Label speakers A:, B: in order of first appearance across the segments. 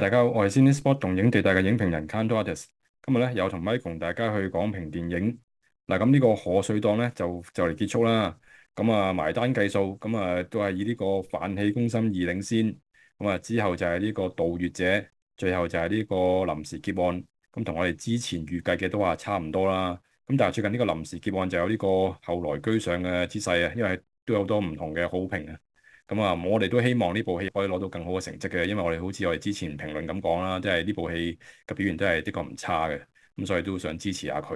A: 大家好，我係 CineSpot 動映地帶嘅影評人 Kantorates，今日咧又同 Michael 同大家去講評電影。嗱、啊，咁、這、呢個賀歲檔咧就就嚟結束啦。咁啊埋單計數，咁啊都係以呢個飯戲攻心二領先。咁啊之後就係呢個盜月者，最後就係呢個臨時劫案。咁、啊、同我哋之前預計嘅都話差唔多啦。咁、啊、但係最近呢個臨時劫案就有呢個後來居上嘅姿勢啊，因為都有多好多唔同嘅好評啊。咁啊、嗯，我哋都希望呢部戲可以攞到更好嘅成績嘅，因為我哋好似我哋之前評論咁講啦，即係呢部戲嘅表現都係的確唔差嘅，咁所以都想支持下佢。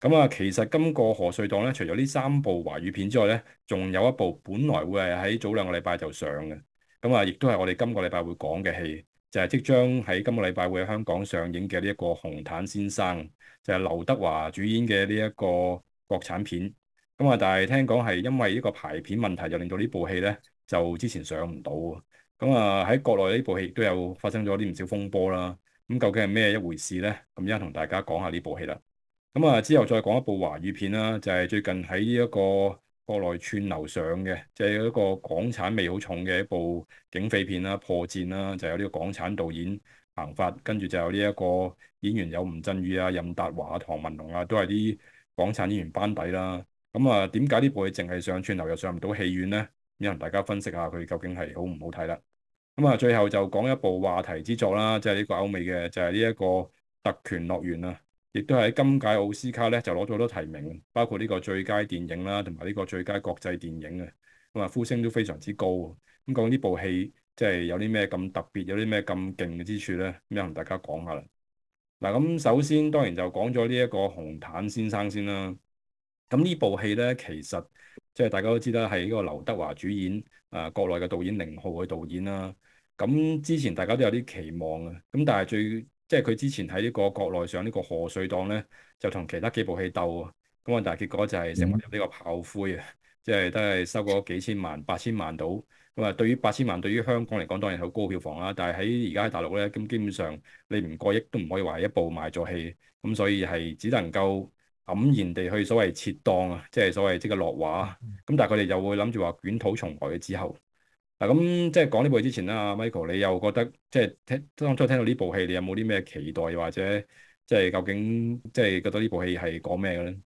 A: 咁、嗯、啊，其實今個賀歲檔咧，除咗呢三部華語片之外咧，仲有一部本來會係喺早兩個禮拜就上嘅，咁、嗯、啊，亦都係我哋今個禮拜會講嘅戲，就係、是、即將喺今個禮拜會喺香港上映嘅呢一個《紅毯先生》，就係、是、劉德華主演嘅呢一個國產片。咁啊！但係聽講係因為呢個排片問題，就令到呢部戲咧就之前上唔到。咁啊，喺國內呢部戲亦都有發生咗啲唔少風波啦。咁究竟係咩一回事咧？咁而家同大家講下呢部戲啦。咁啊，之後再講一部華語片啦，就係最近喺呢一個國內串流上嘅，就係一個港產味好重嘅一部警匪片啦，破戰啦，就有呢個港產導演彭發，跟住就有呢一個演員有吳鎮宇啊、任達華啊、唐文龍啊，都係啲港產演員班底啦。咁啊，點解呢部戲淨係上串流又上唔到戲院呢？咁同大家分析下佢究竟係好唔好睇啦。咁啊，最後就講一部話題之作啦，即係呢個歐美嘅，就係呢一個特權樂園啊，亦都係喺今屆奧斯卡咧就攞咗好多提名，包括呢個最佳電影啦，同埋呢個最佳國際電影啊。咁啊，呼聲都非常之高啊。咁講呢部戲，即係有啲咩咁特別，有啲咩咁勁嘅之處呢？咁同大家講下啦。嗱，咁首先當然就講咗呢一個紅毯先生先啦。咁呢部戲呢，其實即係大家都知啦，係呢個劉德華主演，誒、啊、國內嘅導演寧浩嘅導演啦。咁、啊、之前大家都有啲期望嘅，咁、啊、但係最即係佢之前喺呢個國內上呢個《賀歲檔》呢，就同其他幾部戲鬥啊。咁但係結果就係成為呢個炮灰啊，即、就、係、是、都係收過幾千萬、八千萬到。咁啊，對於八千萬對於香港嚟講當然係好高票房啦、啊。但係喺而家喺大陸呢，咁基本上你唔過億都唔可以話係一部賣座戲。咁、啊、所以係只能夠。黯然地去所謂撤檔啊，即係所謂即係落畫。咁、嗯、但係佢哋又會諗住話捲土重來嘅之後。嗱、啊、咁即係講呢部戲之前啦，Michael，你又覺得即係聽當初聽到呢部戲，你有冇啲咩期待或者即係究竟即係覺得呢部戲係講咩嘅咧？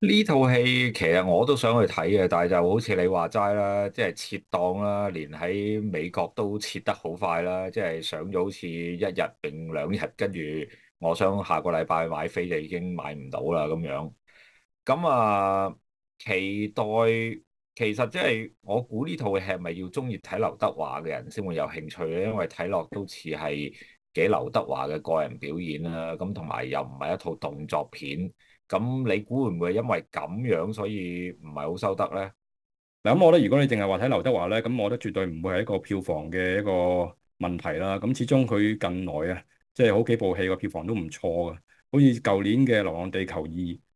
B: 呢套戲其實我都想去睇嘅，但係就好似你話齋啦，即係撤檔啦，連喺美國都撤得好快啦，即係上咗好似一日定兩日跟住。我想下個禮拜買飛就已經買唔到啦咁樣，咁啊，期待其實即係我估呢套戲係咪要中意睇劉德華嘅人先會有興趣咧，因為睇落都似係幾劉德華嘅個人表演啦、啊，咁同埋又唔係一套動作片，咁你估會唔會因
A: 為咁樣所以唔係好收得咧？嗱，咁我覺得如果你淨係話睇劉德華咧，咁我覺得絕對唔會係一個票房嘅一個問題啦。咁始終佢近來啊～即係好幾部戲個票房都唔錯嘅，好似舊年嘅《流浪地球二》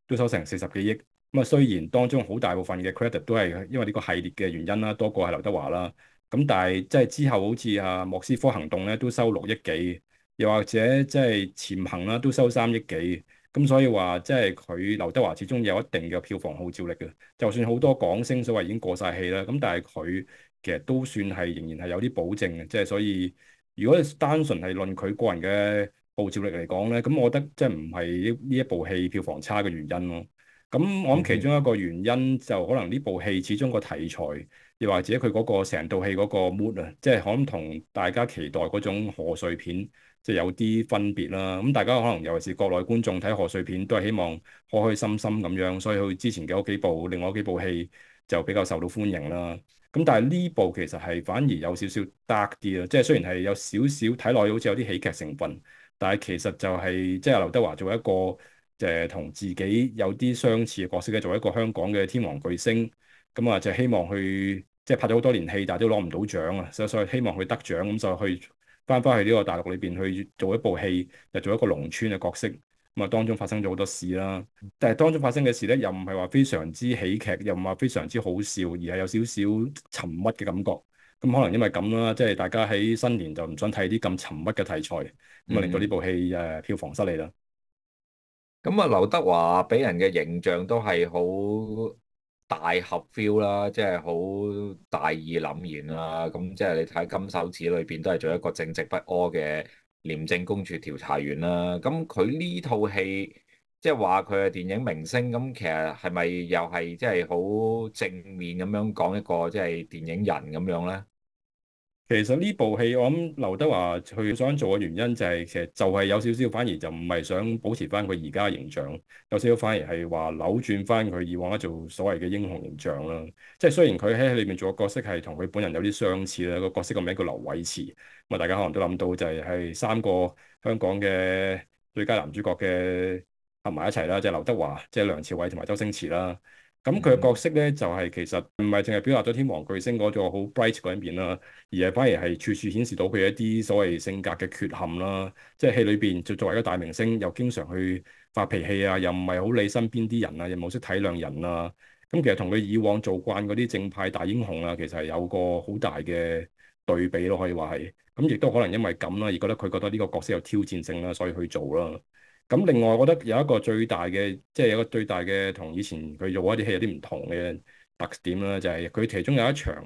A: 都收成四十幾億。咁啊，雖然當中好大部分嘅 credit 都係因為呢個系列嘅原因啦，多過係劉德華啦。咁但係即係之後好似啊《莫斯科行動》咧都收六億幾，又或者即係《潛行》啦都收三億幾。咁所以話即係佢劉德華始終有一定嘅票房號召力嘅，就算好多港星所謂已經過晒氣啦。咁但係佢其實都算係仍然係有啲保證嘅，即係所以。如果單純係論佢個人嘅號召力嚟講咧，咁我覺得即係唔係呢呢一部戲票房差嘅原因咯。咁我諗其中一個原因就可能呢部戲始終個題材，又或者佢嗰個成套戲嗰個 mood 啊，即係可能同大家期待嗰種賀歲片即係有啲分別啦。咁大家可能尤其是國內觀眾睇賀歲片都係希望開開心心咁樣，所以佢之前嘅嗰幾部，另外幾部戲，就比較受到歡迎啦，咁、嗯、但係呢部其實係反而有少少 dark 啲啦，即係雖然係有少少睇落去好似有啲喜劇成分，但係其實就係、是、即係劉德華作為一個誒、呃、同自己有啲相似嘅角色嘅，作為一個香港嘅天王巨星，咁、嗯、啊、呃、就是、希望去即係拍咗好多年戲，但係都攞唔到獎啊，所以希望佢得獎咁就去翻返去呢個大陸裏邊去做一部戲，就做一個農村嘅角色。咁啊，當中發生咗好多事啦，但係當中發生嘅事咧，又唔係話非常之喜劇，又唔係話非常之好笑，而係有少少沉鬱嘅感覺。咁可能因為咁啦，即係大家喺新年就唔想睇啲咁沉鬱嘅題材，咁啊令到呢部戲誒票房失利啦。咁啊、嗯，劉德華俾人嘅形象都
B: 係好大俠 feel 啦，即係好大義凜然啦。咁即係你睇《金手指》裏邊都係做一個正直不阿嘅廉政公署調查員啦，咁佢呢套戲即係話佢係電影明星，咁其實係咪又係即係好正面咁樣講一個即係電影人咁樣咧？
A: 其實呢部戲，我諗劉德華去想做嘅原因就係其實就係有少少，反而就唔係想保持翻佢而家形象，有少少反而係話扭轉翻佢以往一做所謂嘅英雄形象啦。即係雖然佢喺裏面做嘅角色係同佢本人有啲相似啦，個角色個名叫劉偉馳，咁啊大家可能都諗到就係係三個香港嘅最佳男主角嘅合埋一齊啦，即係劉德華、即係梁朝偉同埋周星馳啦。咁佢嘅角色咧就係其實唔係淨係表達咗天王巨星嗰個好 bright 嗰一面啦，而係反而係處處顯示到佢一啲所謂性格嘅缺陷啦。即係戲裏邊，就作為一個大明星，又經常去發脾氣啊，又唔係好理身邊啲人啊，又冇識體諒人啊。咁其實同佢以往做慣嗰啲正派大英雄啊，其實係有個好大嘅對比咯，可以話係。咁亦都可能因為咁啦，而覺得佢覺得呢個角色有挑戰性啦，所以去做啦。咁另外，我覺得有一個最大嘅，即係有一個最大嘅同以前佢做一啲戲有啲唔同嘅特點啦，就係佢其中有一場，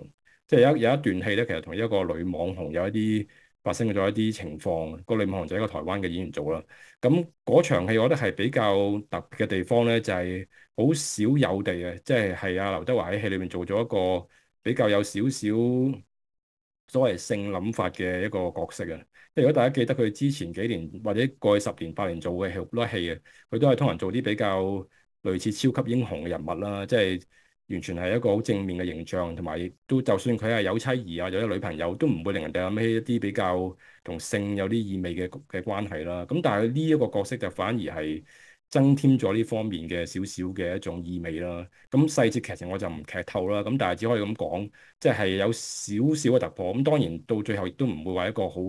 A: 即係有一有一段戲咧，其實同一個女網紅有一啲發生咗一啲情況。個女網紅就係一個台灣嘅演員做啦。咁嗰場戲我覺得係比較特別嘅地方咧，就係好少有地啊，即係係阿劉德華喺戲裏面做咗一個比較有少少所謂性諗法嘅一個角色啊。如果大家記得佢之前幾年或者過去十年八年做嘅好多戲啊，佢都係通常做啲比較類似超級英雄嘅人物啦，即係完全係一個好正面嘅形象，同埋都就算佢係有妻兒啊，有啲女朋友都唔會令人哋諗起一啲比較同性有啲意味嘅嘅關係啦。咁但係呢一個角色就反而係增添咗呢方面嘅少少嘅一種意味啦。咁細節劇情我就唔劇透啦，咁但係只可以咁講，即係有少少嘅突破。咁當然到最後亦都唔會話一個好。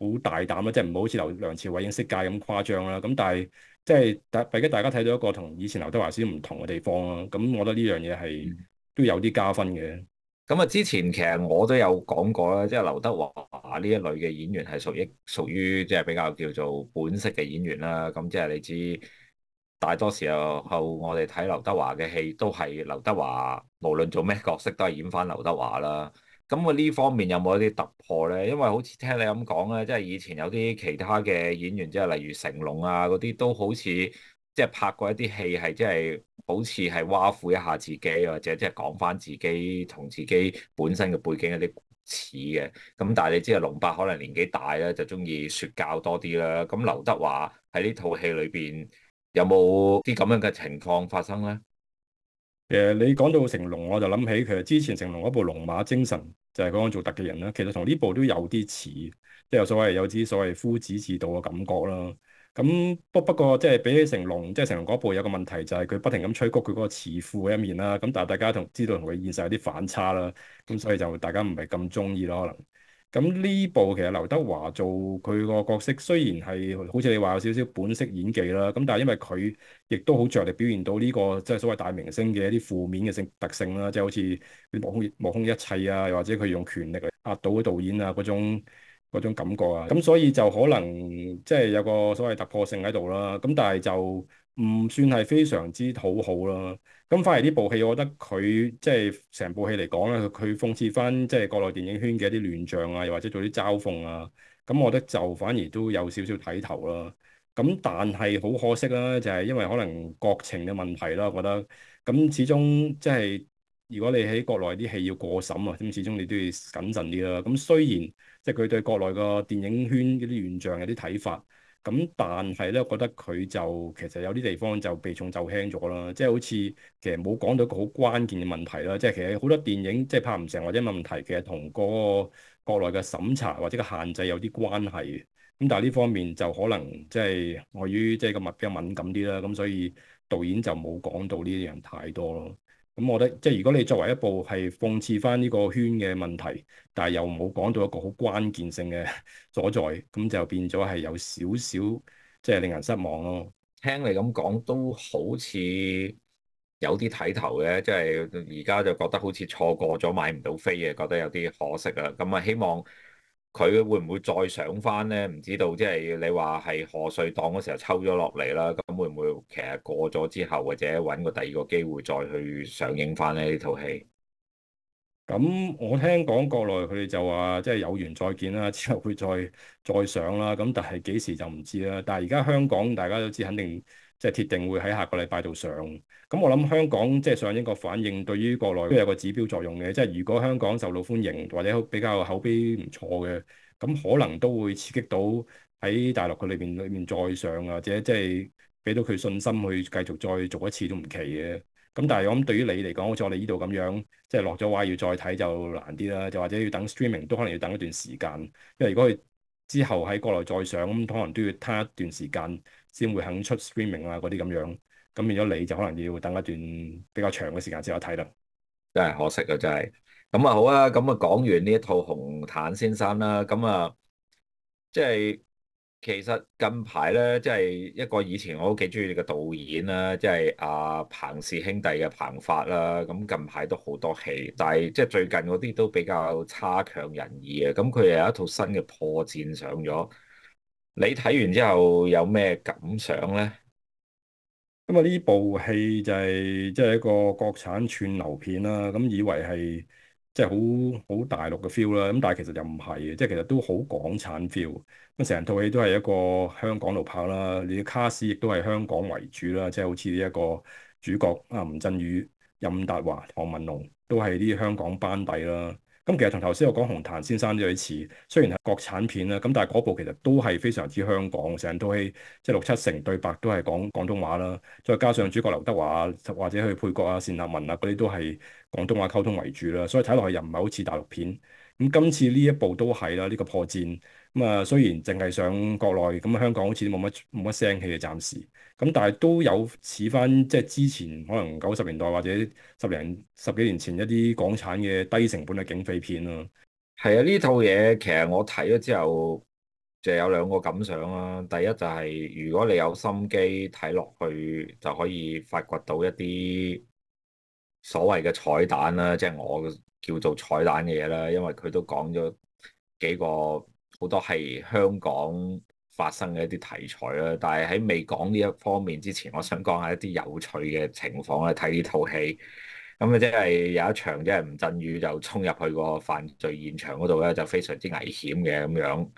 A: 好大膽啦、啊，即係唔好似劉梁朝偉演色戒咁誇張啦、啊。咁但係即係，畢竟大家睇到一個同以前劉德華先唔同嘅地方啦、啊。咁我覺得呢樣嘢係都有啲加分嘅。咁啊、嗯，之前其實我都
B: 有講過啦，即、就、係、是、劉德華呢一類嘅演員係屬於屬於即係比較叫做本色嘅演員啦、啊。咁即係你知大多時候後我哋睇劉德華嘅戲都係劉德華，無論做咩角色都係演翻劉德華啦。咁啊，呢方面有冇一啲突破咧？因為好似聽你咁講咧，即係以前有啲其他嘅演員，即係例如成龍啊嗰啲，都好似即係拍過一啲戲，係即係好似係挖苦一下自己，或者即係講翻自己同自己本身嘅背景有啲似嘅。咁但係你知啊，龍伯可能年紀大咧，就中意説教多啲啦。咁
A: 劉德華喺呢套戲裏邊有冇啲咁樣嘅情況發生咧？誒，你講到成龍，我就諗起其實之前成龍嗰部《龍馬精神》，就係講做特技人啦。其實同呢部都有啲似，即係有所謂有啲所謂夫子自道嘅感覺啦。咁不不過即係比起成龍，即係成龍嗰部有個問題就係佢不停咁吹谷佢嗰個慈父嘅一面啦。咁但係大家同知道同佢現實有啲反差啦，咁所以就大家唔係咁中意咯，可能。咁呢部其實劉德華做佢個角色，雖然係好似你話有少少本色演技啦，咁但係因為佢亦都好着力表現到呢個即係所謂大明星嘅一啲負面嘅性特性啦，即係好似目空目空一切啊，又或者佢用權力壓倒啲導演啊嗰種嗰種感覺啊，咁所以就可能即係有個所謂突破性喺度啦，咁但係就唔算係非常之討好啦。咁反而呢部戲，我覺得佢即係成部戲嚟講咧，佢諷刺翻即係國內電影圈嘅一啲亂象啊，又或者做啲嘲諷啊。咁我覺得就反而都有少少睇頭啦。咁但係好可惜啦，就係因為可能國情嘅問題啦，我覺得咁始終即係如果你喺國內啲戲要過審啊，咁始終你都要謹慎啲啦。咁雖然即係佢對國內個電影圈嗰啲亂象有啲睇法。咁但係咧，我覺得佢就其實有啲地方就避重就輕咗啦，即係好似其實冇講到一個好關鍵嘅問題啦，即係其實好多電影即係拍唔成或者有問題，其實同個國內嘅審查或者個限制有啲關係嘅。咁但係呢方面就可能即係礙於即係個物比較敏感啲啦，咁所以導演就冇講到呢啲人太多咯。咁我覺得，即係如果你作為一部係諷刺翻呢個圈嘅問題，但係又冇講到一個好關鍵性嘅所在，咁就變咗係有少少即係令人失望咯。聽你咁講都好似
B: 有啲睇頭嘅，即係而家就覺得好似錯過咗買唔到飛嘅，覺得有啲可惜呀。咁啊，希望。佢會唔會再上翻呢？唔知道，即係你話係賀歲檔嗰時候抽咗落嚟啦，咁會唔會其實過咗之後或者揾個第二個機
A: 會再去上映翻咧呢套戲？咁我聽講國內佢哋就話即係有緣再見啦，之後會再再上啦。咁但係幾時就唔知啦。但係而家香港大家都知肯定。即係鐵定會喺下個禮拜度上，上，咁我諗香港即係、就是、上呢個反應，對於國內都有個指標作用嘅。即係如果香港受到歡迎或者比較口碑唔錯嘅，咁可能都會刺激到喺大陸佢裏邊裏面再上或者即係俾到佢信心去繼續再做一次都唔奇嘅。咁但係我諗對於你嚟講，好似我哋呢度咁樣即係落咗話要再睇就難啲啦，就或者要等 streaming 都可能要等一段時間，因為如果佢之後喺國內再上咁，可能都要攤一段時間。先會肯出 streaming 啊，嗰啲咁樣，咁變咗你就可能要等一段比較長嘅時間先有睇啦。
B: 真係可惜啊，真係。咁啊好啊，咁啊講完呢一套紅毯先生啦，咁啊即係其實近排咧，即係一個以前我好幾鍾意嘅導演啦，即係阿彭氏兄弟嘅彭發啦，咁近排都好多戲，但係即係最近嗰啲都比較差強人意啊。咁佢又有一套新嘅破戰上咗。你睇完之後
A: 有咩感想咧？咁啊、就是，呢部戲就係即係一個國產串流片啦。咁以為係即係好好大陸嘅 feel 啦。咁但係其實又唔係嘅，即係其實都好港產 feel。咁成套戲都係一個香港度拍啦。你啲 cast 亦都係香港為主啦。即係好似呢一個主角啊，吳鎮宇、任達華、唐文龍都係啲香港班底啦。咁其實同頭先我講紅毯先生有啲似，雖然係國產片啦，咁但係嗰部其實都係非常之香港，成套戲即係六七成對白都係講廣東話啦，再加上主角劉德華啊，或者佢配角啊、單立文啊嗰啲都係廣東話溝通為主啦，所以睇落去又唔係好似大陸片。咁今次呢一部都係啦，呢、這個破戰。咁啊、嗯，雖然淨係上國內，咁、嗯、啊香港好似都冇乜冇乜聲氣嘅暫時，咁、嗯、但係都有似翻即係之前可能九十年代或者十零十幾年前一啲港產嘅低成本嘅警匪片咯。係啊，呢套嘢其實我睇咗之後就有兩個感想啦、啊。第一
B: 就係、是、如果你有心機睇落去，就可以發掘到一啲所謂嘅彩蛋啦、啊，即、就、係、是、我叫做彩蛋嘅嘢啦。因為佢都講咗幾個。好多係香港發生嘅一啲題材啦，但係喺未講呢一方面之前，我想講下一啲有趣嘅情況咧。睇呢套戲咁啊，即係有一場即係吳鎮宇就衝入去個犯罪現場嗰度咧，就非常之危險嘅咁樣。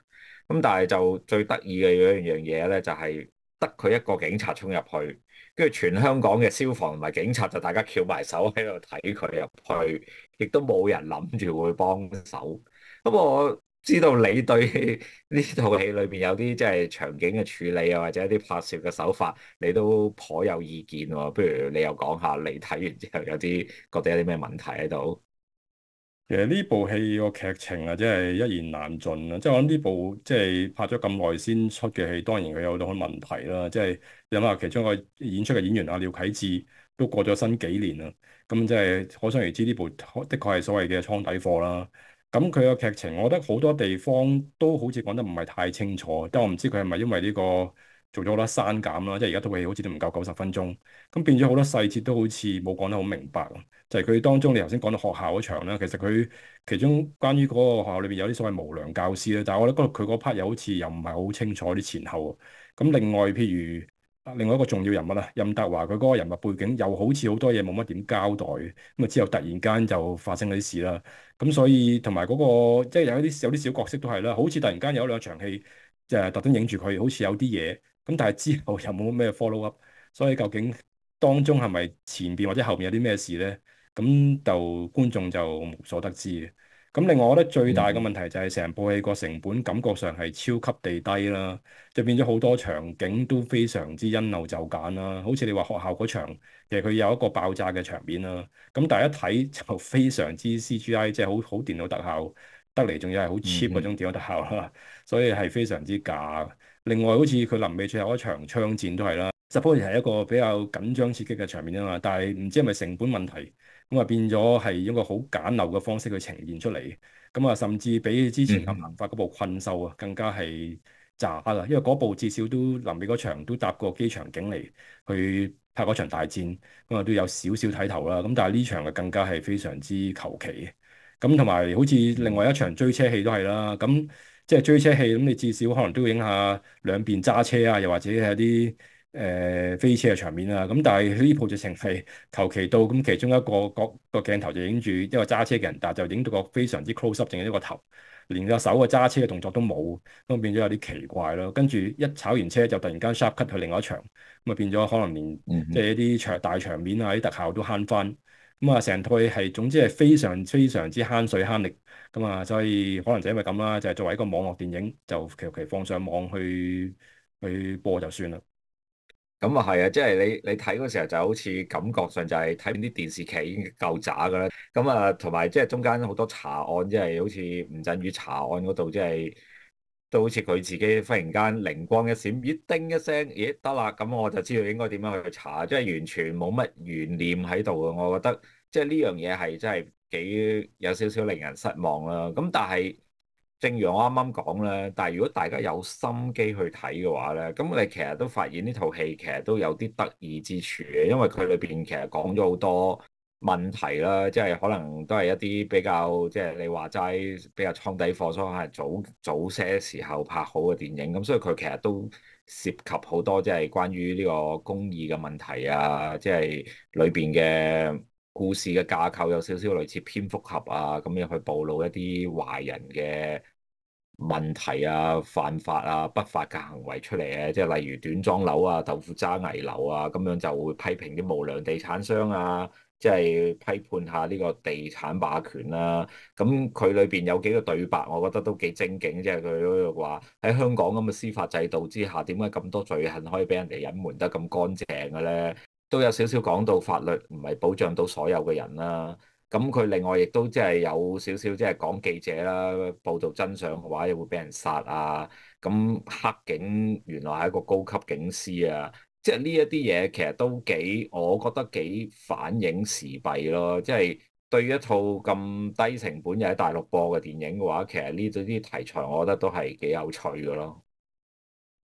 B: 咁但係就最得意嘅一樣嘢咧，就係得佢一個警察衝入去，跟住全香港嘅消防同埋警察就大家翹埋手喺度睇佢入去，亦都冇人諗住會幫手。不過。知道你對呢套戲裏邊有啲即係場景嘅處理啊，或者一啲拍攝嘅手法，你都頗有意見喎。不如你又講下，你
A: 睇完之後有啲覺得有啲咩問題喺度？其實呢部戲個劇情啊，真係一言難盡啦。即係我諗呢部即係拍咗咁耐先出嘅戲，當然佢有好多問題啦。即係諗下，其中一個演出嘅演員阿廖啟智都過咗新幾年啦，咁即係可想而知，呢部的確係所謂嘅倉底貨啦。咁佢個劇情，我覺得好多地方都好似講得唔係太清楚，但係我唔知佢係咪因為呢個做咗好多刪減啦，即係而家套戲好似都唔夠九十分鐘，咁變咗好多細節都好似冇講得好明白。就係佢當中，你頭先講到學校嗰場啦，其實佢其中關於嗰個學校裏邊有啲所謂無良教師咧，但係我覺得佢嗰 part 又好似又唔係好清楚啲前後。咁另外譬如。啊，另外一個重要人物啦，任達華佢嗰個人物背景又好似好多嘢冇乜點交代，咁啊之後突然間就發生嗰啲事啦，咁所以同埋嗰個即係、就是、有啲有啲小角色都係啦，好似突然間有兩場戲就特登影住佢，好似有啲嘢，咁但係之後又冇乜咩 follow up，所以究竟當中係咪前邊或者後邊有啲咩事咧？咁就觀眾就無所得知嘅。咁另外，我覺得最大嘅問題就係成部戲個成本感覺上係超級地低啦，就變咗好多場景都非常之因陋就簡啦。好似你話學校嗰場，其實佢有一個爆炸嘅場面啦。咁但係一睇就非常之 CGI，即係好好電腦特效得嚟，仲要係好 cheap 嗰種電腦特效啦。嗯、哼所以係非常之假。另外，好似佢臨尾最後一場槍戰都係啦，suppose 係一個比較緊張刺激嘅場面啊嘛。但係唔知係咪成本問題？咁啊變咗係一個好簡陋嘅方式去呈現出嚟，咁啊甚至比之前彭發嗰部《困獸》啊啊更加係渣啦，因為嗰部至少都臨尾嗰場都搭過機場景嚟去拍嗰場大戰，咁啊都有少少睇頭啦。咁但係呢場啊更加係非常之求其，咁同埋好似另外一場追車戲都係啦，咁即係追車戲，咁你至少可能都要影下兩邊揸車啊，又或者係啲。誒、呃、飛車嘅場面啊，咁但係呢部就成係求其到，咁其中一個個、嗰個鏡頭就影住一個揸車嘅人，但就影到個非常之 close up，淨係一個頭，連個手嘅揸車嘅動作都冇，咁變咗有啲奇怪咯。跟住一炒完車就突然間 sharp cut 去另外一場，咁啊變咗可能連、嗯、哼即係一啲場大場面啊、啲特效都慳翻，咁啊成套係總之係非常非常之慳水慳力噶嘛，所以可能就因為咁啦，就係、係、作為一個網絡電影，就求其放上網去去播就算啦。咁啊係啊，即係你你睇嗰時候就好似感覺上就
B: 係睇啲電視劇已經夠渣噶啦。咁啊，同埋即係中間好多查案，即係好似吳鎮宇查案嗰度，即係都好似佢自己忽然間靈光一閃，咦叮一聲，咦得啦，咁我就知道應該點樣去查，即係完全冇乜懸念喺度啊。我覺得即係呢樣嘢係真係幾有少少令人失望啦。咁但係。正如我啱啱講咧，但係如果大家有心機去睇嘅話咧，咁你其實都發現呢套戲其實都有啲得意之處嘅，因為佢裏邊其實講咗好多問題啦，即係可能都係一啲比較即係你話齋比較倉底貨，所以係早早些時候拍好嘅電影，咁所以佢其實都涉及好多即係關於呢個公義嘅問題啊，即係裏邊嘅故事嘅架構有少少類似蝙蝠俠啊，咁樣去暴露一啲壞人嘅。問題啊、犯法啊、不法嘅行為出嚟嘅，即係例如短裝樓啊、豆腐渣危樓啊，咁樣就會批評啲無良地產商啊，即係批判下呢個地產霸權啦。咁佢裏邊有幾個對白，我覺得都幾正經，即係佢話喺香港咁嘅司法制度之下，點解咁多罪行可以俾人哋隱瞞得咁乾淨嘅咧？都有少少講到法律唔係保障到所有嘅人啦。咁佢另外亦都即係有少少即係講記者啦，報道真相嘅話又會俾人殺啊！咁黑警原來係一個高級警司啊！即係呢一啲嘢其實都幾，我覺得幾反映時弊咯。即係對一套咁低成本又喺大陸播嘅電影嘅
A: 話，其實呢種啲題材，我覺得都係幾有趣嘅咯。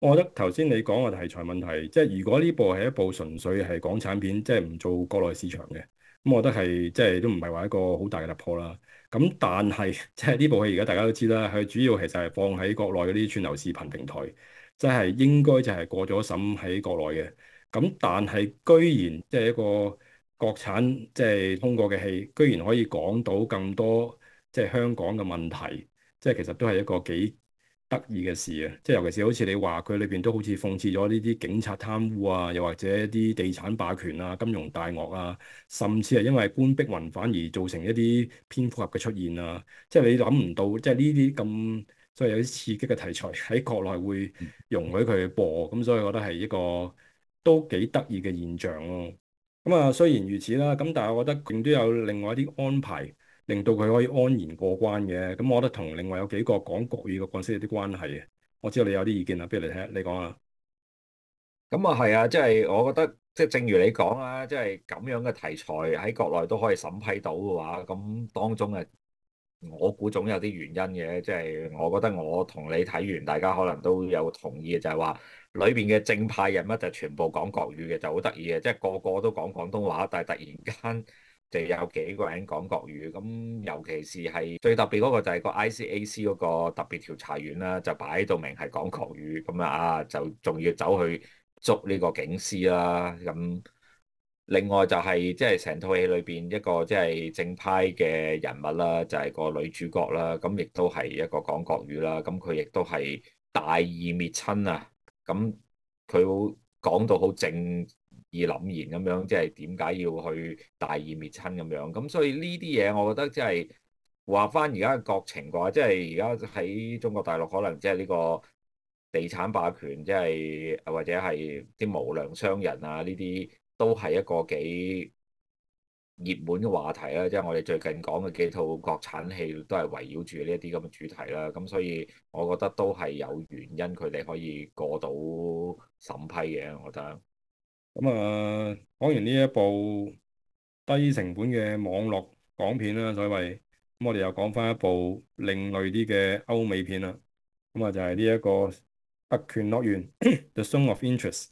A: 我覺得頭先你講嘅題材問題，即係如果呢部係一部純粹係港產片，即係唔做國內市場嘅。咁、嗯、我覺得係即係都唔係話一個好大嘅突破啦。咁但係即係呢部戲而家大家都知啦，佢主要其實係放喺國內嗰啲串流視頻平台，即係應該就係過咗審喺國內嘅。咁但係居然即係一個國產即係通過嘅戲，居然可以講到咁多即係香港嘅問題，即係其實都係一個幾得意嘅事啊，即係尤其是好似你話佢裏邊都好似諷刺咗呢啲警察貪污啊，又或者一啲地產霸權啊、金融大鱷啊，甚至係因為官逼民反而造成一啲蝙蝠俠嘅出現啊，即係你諗唔到，即係呢啲咁所謂有啲刺激嘅題材喺國內會容許佢播，咁所以我覺得係一個都幾得意嘅現象咯。咁啊，雖然如此啦，咁但係我覺得仲都有另外一啲安排。令到佢可以安然過關嘅，咁我覺得同另外有幾個講國語嘅角色有啲關係嘅。我知道你有啲意見啊，不如嚟睇，你講啊。咁啊係啊，即係我覺得，即係正如你講
B: 啊，即係咁樣嘅題材喺國內都可以審批到嘅話，咁當中啊，我估總有啲原因嘅。即係我覺得我同你睇完，大家可能都有同意嘅，就係話裏邊嘅正派人物就全部講國語嘅，就好得意嘅，即係個個都講廣東話，但係突然間。就有幾個人講國語，咁尤其是係最特別嗰個就係個 ICAC 嗰個特別調查員啦，就擺到明係講國語，咁啊就仲要走去捉呢個警司啦。咁另外就係即係成套戲裏邊一個即係正派嘅人物啦，就係個女主角啦，咁亦都係一個講國語啦，咁佢亦都係大義滅親啊，咁佢講到好正。而諗然咁樣，即係點解要去大義滅親咁樣？咁所以呢啲嘢，我覺得即係話返而家嘅國情嘅話，即係而家喺中國大陸，可能即係呢個地產霸權，即係或者係啲無良商人啊，呢啲都係一個幾熱門嘅話題啦。即係我哋最近講嘅幾套國產戲，都係圍繞住呢一啲咁嘅主題啦。咁所以，我覺得都係有原因，佢哋可以過到審批嘅。我覺得。
A: 咁啊，講完呢一部低成本嘅網絡港片啦，所謂，咁我哋又講翻一部另類啲嘅歐美片啦。咁啊、這個，就係呢一個特權樂園 The Zone of Interest。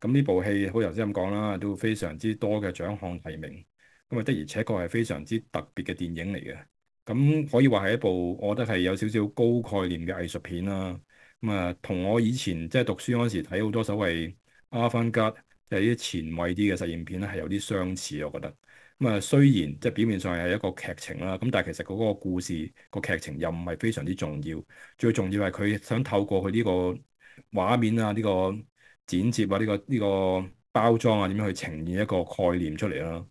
A: 咁呢部戲好頭先咁講啦，都非常之多嘅獎項提名。咁啊，的而且確係非常之特別嘅電影嚟嘅。咁可以話係一部，我覺得係有少少高概念嘅藝術片啦。咁啊，同我以前即係讀書嗰時睇好多所謂阿凡格。衛有啲前衛啲嘅實驗片咧，係有啲相似，我覺得咁啊。雖然即係表面上係一個劇情啦，咁但係其實嗰個故事、個劇情又唔係非常之重要。最重要係佢想透過佢呢個畫面啊、呢、呢個剪接啊、呢、呢個呢、呢個包裝啊，點樣去呈現一個概念出嚟啦。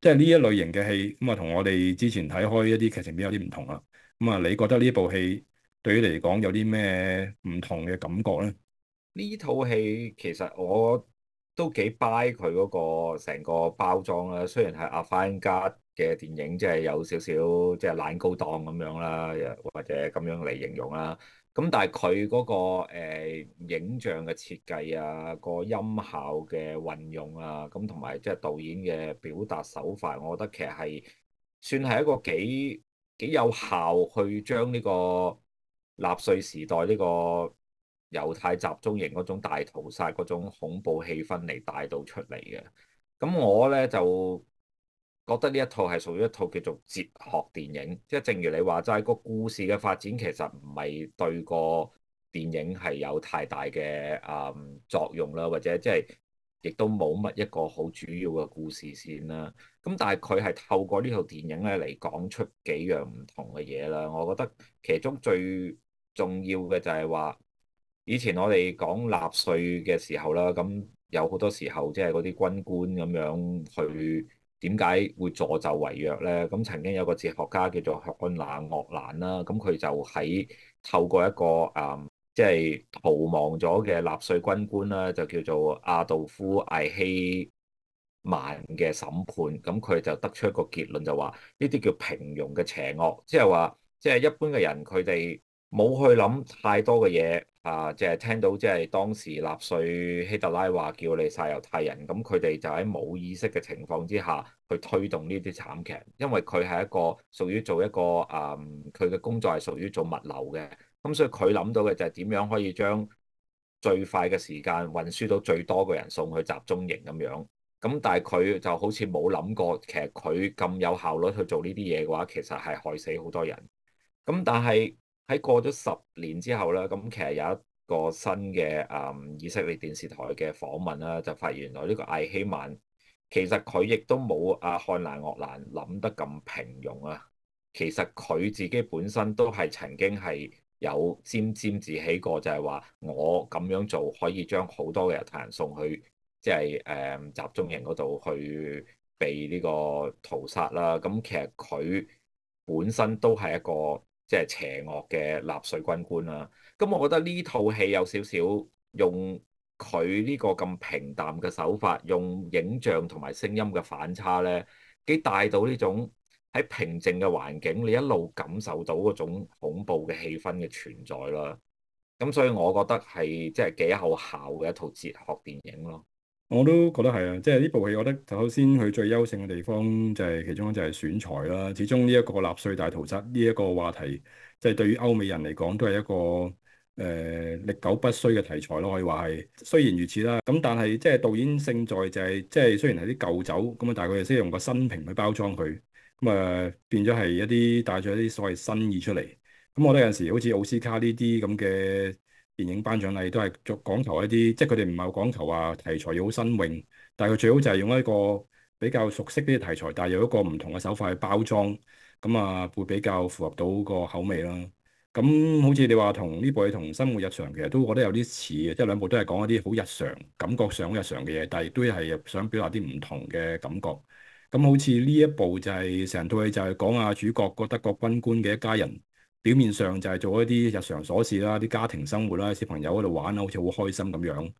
A: 即係呢一類型嘅戲咁啊，同我哋之前睇開一啲劇情片有啲唔同啊。咁、嗯、啊，你覺得呢部戲對於你嚟講有啲咩唔同嘅感覺咧？
B: 呢套戲其實我。都幾 buy 佢嗰個成個包裝啦、啊，雖然係阿翻家嘅電影，即係有少少即係懶高檔咁樣啦、啊，或者咁樣嚟形容啦、啊。咁但係佢嗰個、呃、影像嘅設計啊，個音效嘅運用啊，咁同埋即係導演嘅表達手法，我覺得其實係算係一個幾幾有效去將呢個納粹時代呢、這個。猶太集中營嗰種大屠殺嗰種恐怖氣氛，嚟帶到出嚟嘅，咁我咧就覺得呢一套係屬於一套叫做哲學電影，即係正如你話齋，個故事嘅發展其實唔係對個電影係有太大嘅誒、嗯、作用啦，或者即係亦都冇乜一個好主要嘅故事線啦。咁但係佢係透過呢套電影咧嚟講出幾樣唔同嘅嘢啦。我覺得其中最重要嘅就係話。以前我哋講納粹嘅時候啦，咁有好多時候即係嗰啲軍官咁樣去點解會助紂為虐呢？咁曾經有個哲學家叫做安那鄂蘭啦，咁佢就喺透過一個誒即係逃亡咗嘅納粹軍官啦，就叫做阿道夫艾希曼嘅審判，咁佢就得出一個結論就話呢啲叫平庸嘅邪惡，即係話即係一般嘅人佢哋。冇去諗太多嘅嘢，啊，即係聽到即係當時納粹希特拉話叫你殺猶太人，咁佢哋就喺冇意識嘅情況之下，去推動呢啲慘劇。因為佢係一個屬於做一個，誒、嗯，佢嘅工作係屬於做物流嘅，咁所以佢諗到嘅就係點樣可以將最快嘅時間運輸到最多嘅人送去集中營咁樣。咁但係佢就好似冇諗過，其實佢咁有效率去做呢啲嘢嘅話，其實係害死好多人。咁但係。喺過咗十年之後咧，咁其實有一個新嘅誒、嗯、以色列電視台嘅訪問啦、啊，就發現原來呢個艾希曼其實佢亦都冇阿漢娜鄂蘭諗得咁平庸啊！其實佢自己本身都係曾經係有沾沾自喜過就，就係話我咁樣做可以將好多嘅猶太人送去即係誒、嗯、集中營嗰度去被呢個屠殺啦、啊。咁其實佢本身都係一個。即係邪惡嘅納粹軍官啦、啊，咁我覺得呢套戲有少少用佢呢個咁平淡嘅手法，用影像同埋聲音嘅反差咧，幾帶到呢種喺平靜嘅環境，你一路感受到嗰種恐怖嘅氣氛嘅存在啦。咁所以我覺得係即係幾有效嘅一套哲學電影咯。
A: 我都覺得係啊，即係呢部戲，我覺得首先佢最優勝嘅地方就係其中就係選材啦。始終呢一個納粹大屠殺呢一個話題，即係對於歐美人嚟講都係一個誒、呃、歷久不衰嘅題材咯。可以話係，雖然如此啦，咁但係即係導演勝在就係、是、即係雖然係啲舊酒，咁啊但係佢哋識用個新瓶去包裝佢，咁啊變咗係一啲帶咗一啲所謂新意出嚟。咁我覺得有陣時好似奧斯卡呢啲咁嘅。電影頒獎禮都係作講求一啲，即係佢哋唔係講求話題材要好新穎，但係佢最好就係用一個比較熟悉啲嘅題材，但係用一個唔同嘅手法去包裝，咁啊會比較符合到個口味咯。咁好似你話同呢部嘢同生活日常，其實都覺得有啲似嘅，即係兩部都係講一啲好日常、感覺上好日常嘅嘢，但係都係想表達啲唔同嘅感覺。咁好似呢一部就係成套戲就係講啊主角個德國軍官嘅一家人。表面上就係做一啲日常瑣事啦，啲家庭生活啦，小朋友喺度玩啦，好似好開心咁樣。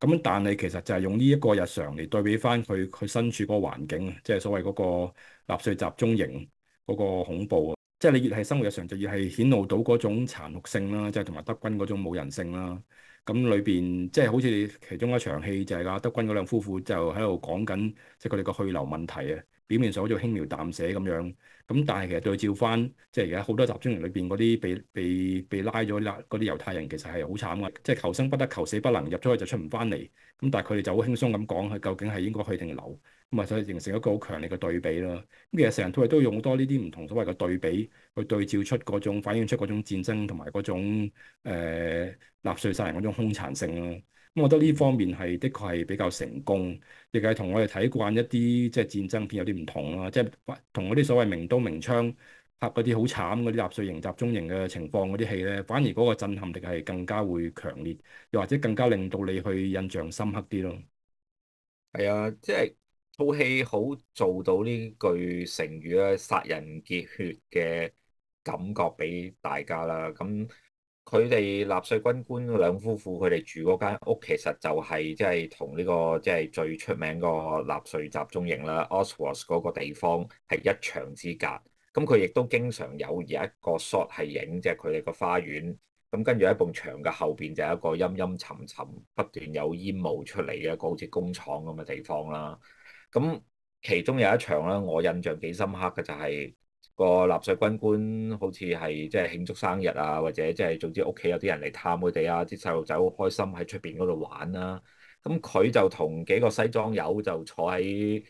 A: 咁但係其實就係用呢一個日常嚟對比翻佢佢身處嗰個環境，即係所謂嗰個納粹集中營嗰個恐怖。即係你越係生活日常，就越係顯露到嗰種殘酷性啦，即係同埋德軍嗰種冇人性啦。咁裏邊，即係好似其中一場戲就係阿德軍嗰兩夫婦就喺度講緊，即係佢哋個去留問題啊，表面上好似輕描淡寫咁樣，咁但係其實對照翻即係而家好多集中營裏邊嗰啲被被被拉咗嗱嗰啲猶太人其實係好慘嘅，即係求生不得求死不能，入咗去就出唔翻嚟，咁但係佢哋就好輕鬆咁講佢究竟係應該去定留。咁所以形成一個好強烈嘅對比啦。咁其實成套戲都用好多呢啲唔同所謂嘅對比，去對照出嗰種反映出嗰種戰爭同埋嗰種誒納粹殺人嗰種兇殘性咯。咁我覺得呢方面係的確係比較成功，亦係同我哋睇慣一啲即係戰爭片有啲唔同啦。即係同嗰啲所謂明刀明槍拍嗰啲好慘嗰啲納粹營集中營嘅情況嗰啲戲咧，反而嗰個震撼力係更加會強烈，又或者更加令到你去印象深刻啲咯。係啊，即係。套戲好做到呢
B: 句成語咧，殺人結血嘅感覺俾大家啦。咁佢哋納粹軍官兩夫婦佢哋住嗰間屋，其實就係即係同呢個即係最出名個納粹集中營啦，Oswald 嗰個地方係一牆之隔。咁佢亦都經常有而一個 shot 係影即係佢哋個花園。咁跟住喺埲牆嘅後邊就係一個陰陰沉沉、不斷有煙霧出嚟嘅一個好似工廠咁嘅地方啦。咁其中有一場啦，我印象幾深刻嘅就係個納粹軍官，好似係即係慶祝生日啊，或者即係總之屋企有啲人嚟探佢哋啊，啲細路仔好開心喺出邊嗰度玩啦啊。咁佢就同幾個西裝友就坐喺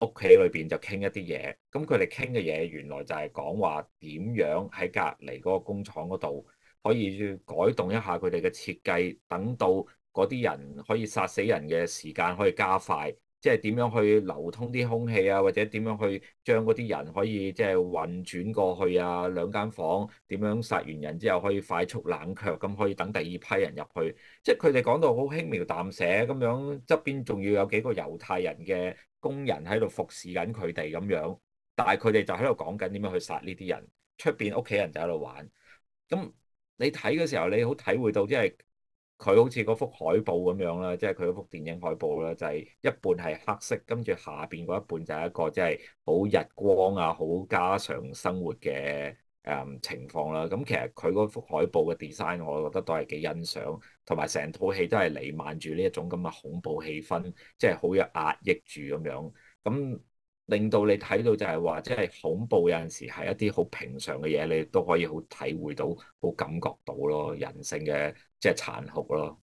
B: 屋企裏邊就傾一啲嘢。咁佢哋傾嘅嘢原來就係講話點樣喺隔離嗰個工廠嗰度可以改動一下佢哋嘅設計，等到嗰啲人可以殺死人嘅時間可以加快。即係點樣去流通啲空氣啊，或者點樣去將嗰啲人可以即係運轉過去啊？兩間房點樣殺完人之後可以快速冷卻，咁可以等第二批人入去。即係佢哋講到好輕描淡寫咁樣，側邊仲要有幾個猶太人嘅工人喺度服侍緊佢哋咁樣，但係佢哋就喺度講緊點樣去殺呢啲人，出邊屋企人就喺度玩。咁你睇嘅時候，你好體會到即係。佢好似嗰幅海報咁樣啦，即係佢嗰幅電影海報啦，就係一半係黑色，跟住下邊嗰一半就係一個即係好日光啊，好家常生活嘅誒、嗯、情況啦、啊。咁、嗯、其實佢嗰幅海報嘅 design，我覺得都係幾欣賞，同埋成套戲都係瀰漫住呢一種咁嘅恐怖氣氛，即係好有壓抑住咁樣。嗯令到你睇到就係話，即係恐怖有陣時係一啲好平常嘅嘢，你都可以好體會到，好感覺到咯，人性嘅即係殘酷咯。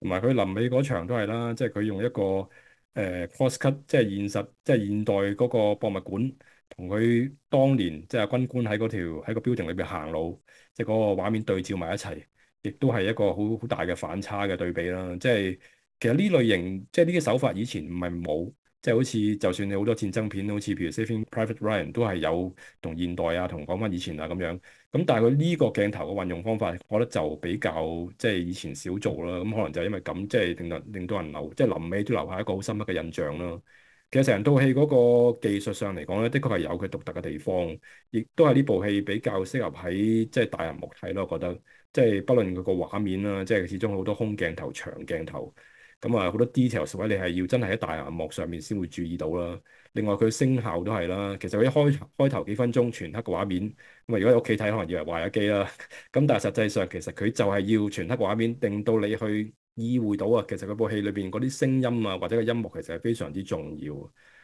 A: 同埋佢臨尾嗰場都係啦，即係佢用一個誒、呃、cross cut，即係現實，即係現代嗰個博物館同佢當年即係軍官喺嗰條喺個標定裏邊行路，即係嗰個畫面對照埋一齊，亦都係一個好好大嘅反差嘅對比啦。即係其實呢類型即係呢啲手法以前唔係冇。即係好似，就算你好多戰爭片，好似譬如 Saving Private Ryan 都係有同現代啊，同講返以前啊咁樣。咁但係佢呢個鏡頭嘅運用方法，我覺得就比較即係以前少做啦。咁、嗯、可能就係因為咁，即係令到令到人留，即係臨尾都留下一個好深刻嘅印象啦。其實成套戲嗰個技術上嚟講咧，的確係有佢獨特嘅地方，亦都係呢部戲比較適合喺即係大人目睇咯。我覺得即係不論佢個畫面啦，即係始終好多空鏡頭、長鏡頭。咁啊，好多 details 位你係要真係喺大銀幕上面先會注意到啦。另外佢聲效都係啦，其實佢一開開頭幾分鐘全黑個畫面，咁啊如果喺屋企睇可能以為壞咗機啦。咁但係實際上其實佢就係要全黑個畫面，令到你去意會到啊。其實佢部戲裏邊嗰啲聲音啊，或者個音樂其實係非常之重要。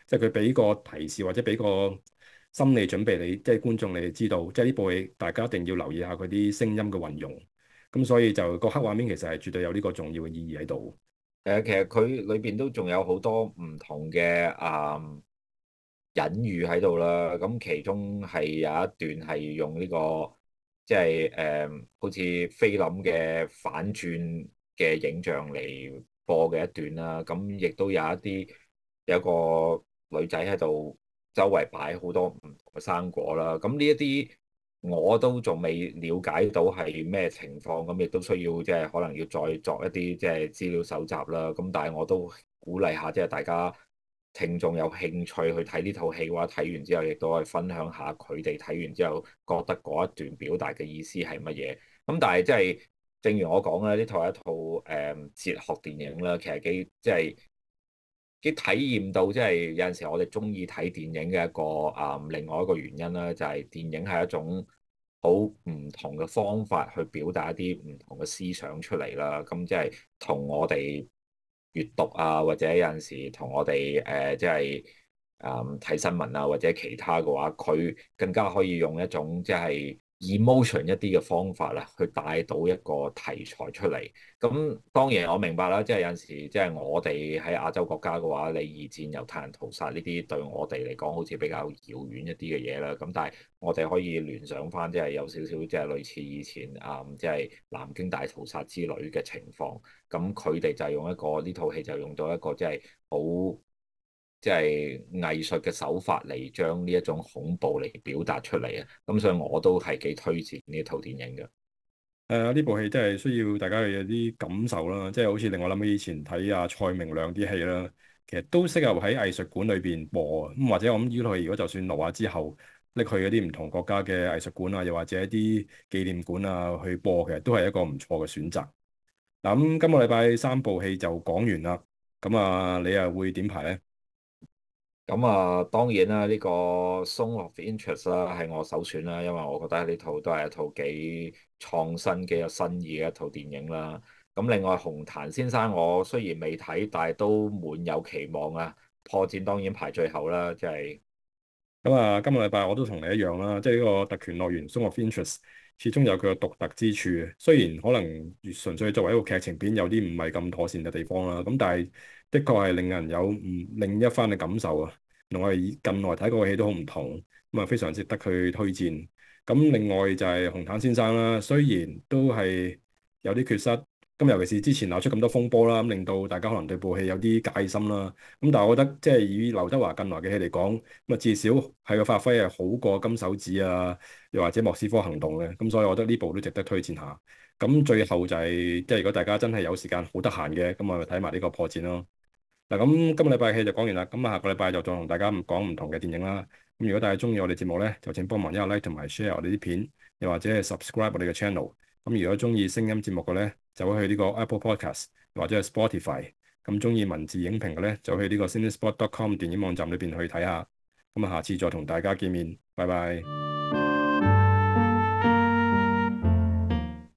A: 即係佢俾個提示或者俾個心理準備你，即係觀眾你哋知道，即係呢部戲大家一定要留意下佢啲聲音嘅運用。咁所以就個黑畫面其實係絕對有呢個重要嘅意義喺度。誒，其實佢裏邊都仲有好多唔同嘅誒、嗯、
B: 隱喻喺度啦。咁其中係有一段係用呢個即係誒，好似菲林嘅反轉嘅影像嚟播嘅一段啦。咁亦都有一啲有個女仔喺度，周圍擺好多唔同嘅生果啦。咁呢一啲。我都仲未了解到係咩情況，咁亦都需要即係可能要再作一啲即係資料搜集啦。咁但係我都鼓勵下，即係大家聽眾有興趣去睇呢套戲嘅話，睇完之後亦都可以分享下佢哋睇完之後覺得嗰一段表達嘅意思係乜嘢。咁但係即係正如我講啦，呢套係一套誒哲學電影啦，其實幾即係。嘅體驗到，即係有陣時我哋中意睇電影嘅一個啊，嗯，另外一個原因啦，就係電影係一種好唔同嘅方法去表達一啲唔同嘅思想出嚟啦。咁即係同我哋閱讀啊，或者有陣時同我哋誒即係啊睇新聞啊，或者其他嘅話，佢更加可以用一種即係。就係 Emotion 一啲嘅方法啦，去帶到一個題材出嚟。咁當然我明白啦，即係有陣時，即係我哋喺亞洲國家嘅話，你二戰猶太人屠殺呢啲對我哋嚟講好似比較遙遠一啲嘅嘢啦。咁但係我哋可以聯想返，即係有少少即係類似以前啊、嗯，即係南京大屠殺之類嘅情況。咁佢哋就用一個呢套戲就用到一個即係好，即係藝術嘅手法嚟將呢一種恐怖嚟表達出嚟啊！咁所以我都係幾推薦呢套電影嘅。
A: 誒、呃，呢部戲真係需要大家有啲感受啦，即、就、係、是、好似令我諗起以前睇阿、啊、蔡明亮啲戲啦，其實都適合喺藝術館裏邊播咁。或者我諗呢套戲如果就算落畫之後，搦去一啲唔同國家嘅藝術館啊，又或者一啲紀念館啊去播，其實都係一個唔錯嘅選擇。嗱、呃，咁今個禮拜三部戲就講完啦。咁啊，你啊又會點排咧？咁啊，
B: 當然啦，呢個《Zone of Interest》啦係我首選啦，因為我覺得呢套都係一套幾創新嘅、有新意嘅一套電影啦。咁另外《紅毯先生》，我雖然未睇，但係都滿有期望啊。破戰當然排最後啦，即
A: 係咁啊。今個禮拜我都同你一樣啦，即係呢個《特權樂園》《Zone of Interest》。始終有佢嘅獨特之處，雖然可能純粹作為一個劇情片，有啲唔係咁妥善嘅地方啦。咁但係的確係令人有唔另一番嘅感受啊！同我哋近來睇個戲都好唔同，咁啊非常值得去推薦。咁另外就係紅毯先生啦，雖然都係有啲缺失。咁尤其是之前鬧出咁多風波啦，咁令到大家可能對部戲有啲戒心啦。咁但係我覺得，即係以劉德華近來嘅戲嚟講，咁啊至少係個發揮係好過《金手指》啊，又或者《莫斯科行動》嘅。咁所以我覺得呢部都值得推薦下。咁最後就係、是，即係如果大家真係有時間好得閒嘅，咁我咪睇埋呢個破戰咯。嗱，咁今個禮拜嘅戲就講完啦。咁啊，下個禮拜就再同大家唔講唔同嘅電影啦。咁如果大家中意我哋節目咧，就請幫忙一下 like 同埋 share 我哋啲片，又或者係 subscribe 我哋嘅 channel。咁如果中意聲音節目嘅咧，就會去呢個 Apple Podcast 或者係 Spotify；咁中意文字影評嘅咧，就去呢個 Cinespot.com 電影網站裏邊去睇下。咁啊，下次再同大家見面，拜拜。